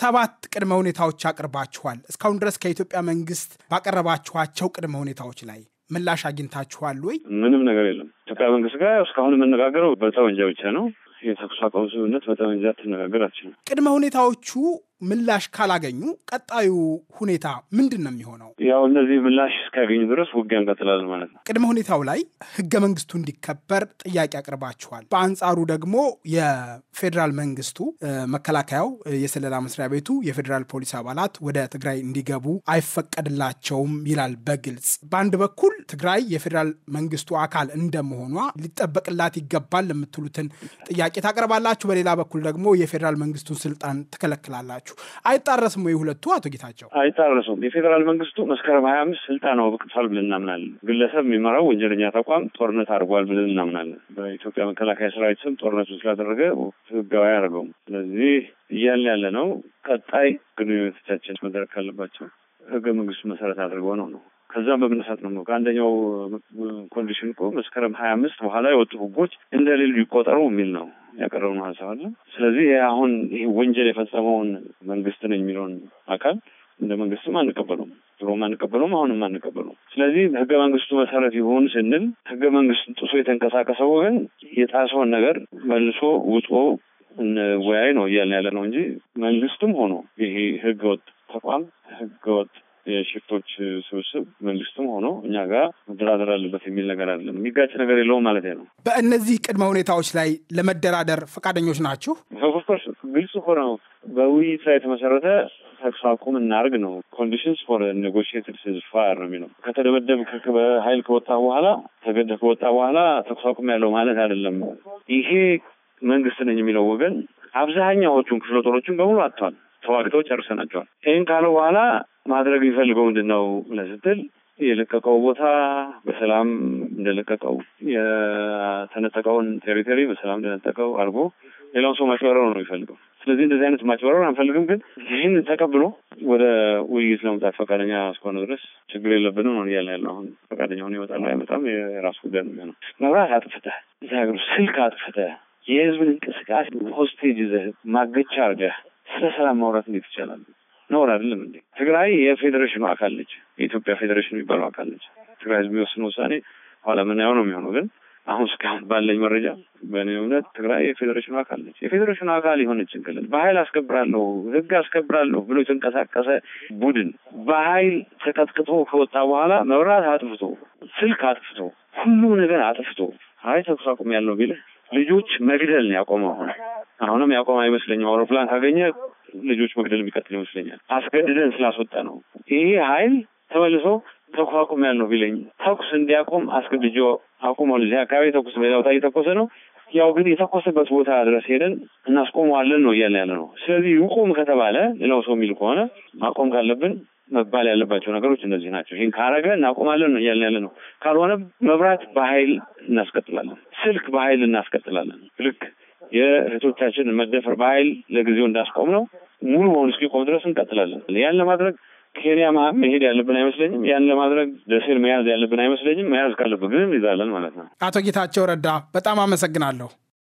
ሰባት ቅድመ ሁኔታዎች አቅርባችኋል። እስካሁን ድረስ ከኢትዮጵያ መንግስት ባቀረባችኋቸው ቅድመ ሁኔታዎች ላይ ምላሽ አግኝታችኋል ወይ? ምንም ነገር የለም። ኢትዮጵያ መንግስት ጋር እስካሁን የምነጋገረው በጠመንጃ ብቻ ነው። የተኩስ አቁም ስምምነት በጠመንጃ ትነጋገር አችልም። ቅድመ ሁኔታዎቹ ምላሽ ካላገኙ ቀጣዩ ሁኔታ ምንድን ነው የሚሆነው? ያው እነዚህ ምላሽ እስካገኙ ድረስ ውጊያ እንቀጥላለን ማለት ነው። ቅድመ ሁኔታው ላይ ህገ መንግስቱ እንዲከበር ጥያቄ አቅርባችኋል። በአንጻሩ ደግሞ የፌዴራል መንግስቱ መከላከያው፣ የስለላ መስሪያ ቤቱ፣ የፌዴራል ፖሊስ አባላት ወደ ትግራይ እንዲገቡ አይፈቀድላቸውም ይላል በግልጽ። በአንድ በኩል ትግራይ የፌዴራል መንግስቱ አካል እንደመሆኗ ሊጠበቅላት ይገባል የምትሉትን ጥያቄ ታቀርባላችሁ። በሌላ በኩል ደግሞ የፌዴራል መንግስቱን ስልጣን ትከለክላላችሁ። ናችሁ። አይጣረስም ወይ ሁለቱ? አቶ ጌታቸው አይጣረሱም። የፌዴራል መንግስቱ መስከረም ሀያ አምስት ስልጣን አውቅቷል ብለን እናምናለን። ግለሰብ የሚመራው ወንጀለኛ ተቋም ጦርነት አድርጓል ብለን እናምናለን። በኢትዮጵያ መከላከያ ሰራዊት ስም ጦርነቱ ስላደረገ ህጋዊ አያደርገውም። ስለዚህ እያለ ያለ ነው ቀጣይ ግንኙነቶቻችን መደረግ ካለባቸው ህገ መንግስቱ መሰረት አድርገው ነው ነው ከዛም በመነሳት ነው ከአንደኛው ኮንዲሽን እኮ መስከረም ሀያ አምስት በኋላ የወጡ ህጎች እንደሌሉ ይቆጠሩ የሚል ነው። ያቀረብነው ሀሳብ አለ። ስለዚህ አሁን ይሄ ወንጀል የፈጸመውን መንግስት ነው የሚለውን አካል እንደ መንግስትም አንቀበለውም፣ ድሮም አንቀበለውም፣ አሁንም አንቀበለውም። ስለዚህ ህገ መንግስቱ መሰረት ይሁን ስንል ህገ መንግስቱን ጥሶ የተንቀሳቀሰው ወገን የጣሰውን ነገር መልሶ ውጦ እንወያይ ነው እያልን ያለ ነው እንጂ መንግስትም ሆኖ ይሄ ህገወጥ ተቋም ህገወጥ የሽፍቶች ስብስብ መንግስትም ሆኖ እኛ ጋር መደራደር አለበት የሚል ነገር አለ። የሚጋጭ ነገር የለውም ማለት ነው። በእነዚህ ቅድመ ሁኔታዎች ላይ ለመደራደር ፈቃደኞች ናችሁ? ኦፍኮርስ ግልጽ ሆነ ነው። በውይይት ላይ የተመሰረተ ተኩስ አቁም እናርግ ነው። ኮንዲሽንስ ፎር ኔጎሽትድ ሲዝፋየር ነው የሚለው። ከተደበደብ በሀይል ከወጣ በኋላ ተገደ ከወጣ በኋላ ተኩስ አቁም ያለው ማለት አይደለም። ይሄ መንግስት ነኝ የሚለው ወገን አብዛኛዎቹን ክፍለ ጦሮችን በሙሉ አጥተዋል። ተዋግተው ጨርሰናቸዋል። ይህን ካለ በኋላ ማድረግ የሚፈልገው ምንድን ነው ለስትል የለቀቀው ቦታ በሰላም እንደለቀቀው የተነጠቀውን ቴሪቶሪ በሰላም እንደነጠቀው አድርጎ ሌላውን ሰው ማጭበረር ነው የሚፈልገው። ስለዚህ እንደዚህ አይነት ማጭበረር አንፈልግም፣ ግን ይህን ተቀብሎ ወደ ውይይት ለመምጣት ፈቃደኛ እስከሆነ ድረስ ችግር የለብንም ነው እያለ ያለ። አሁን ፈቃደኛ ሆነ ይወጣሉ አይመጣም የራሱ ጉዳይ ነው የሚሆነው። መብራት አጥፍተህ እዚህ ሀገር ስልክ አጥፍተህ የህዝብን እንቅስቃሴ ሆስቴጅ ይዘህ ማገቻ አድርገህ ስለ ሰላም ማውራት እንዴት ይቻላል? ነውር አይደለም እንዴ? ትግራይ የፌዴሬሽኑ አካል ነች። የኢትዮጵያ ፌዴሬሽን የሚባለው አካል ነች። ትግራይ ህዝብ የሚወስን ውሳኔ ኋላ ምናየው ነው የሚሆነው። ግን አሁን እስካሁን ባለኝ መረጃ፣ በእኔ እምነት ትግራይ የፌዴሬሽኑ አካል ነች። የፌዴሬሽኑ አካል የሆነችን ክልል በሀይል አስከብራለሁ፣ ህግ አስከብራለሁ ብሎ የተንቀሳቀሰ ቡድን በሀይል ተቀጥቅጦ ከወጣ በኋላ መብራት አጥፍቶ፣ ስልክ አጥፍቶ፣ ሁሉ ነገር አጥፍቶ አይ ተኩስ አቁም ያለው ቢልህ ልጆች መግደል ነው ያቆመው። አሁን አሁንም ያቆመ አይመስለኝም። አውሮፕላን ካገኘ ልጆች መግደል የሚቀጥል ይመስለኛል። አስገድደን ስላስወጣ ነው። ይሄ ሀይል ተመልሶ ተኩስ አቁም ነው ቢለኝ ተኩስ እንዲያቆም አስገድጆ አቁሟል። እዚህ አካባቢ ተኩስ በሌላ እየተኮሰ ነው። ያው ግን የተኮሰበት ቦታ ድረስ ሄደን እናስቆመዋለን ነው እያለ ያለ ነው። ስለዚህ ይቁም ከተባለ ሌላው ሰው የሚል ከሆነ ማቆም ካለብን መባል ያለባቸው ነገሮች እነዚህ ናቸው። ይህን ካረገ እናቆማለን ነው እያለ ያለ ነው። ካልሆነ መብራት በኃይል እናስቀጥላለን፣ ስልክ በኃይል እናስቀጥላለን። ልክ የእህቶቻችን መደፈር በኃይል ለጊዜው እንዳስቆም ነው ሙሉ በሙሉ እስኪቆም ድረስ እንቀጥላለን። ያን ለማድረግ ኬንያ መሄድ ያለብን አይመስለኝም። ያን ለማድረግ ደሴን መያዝ ያለብን አይመስለኝም። መያዝ ካለብን ግን እንይዛለን ማለት ነው። አቶ ጌታቸው ረዳ በጣም አመሰግናለሁ።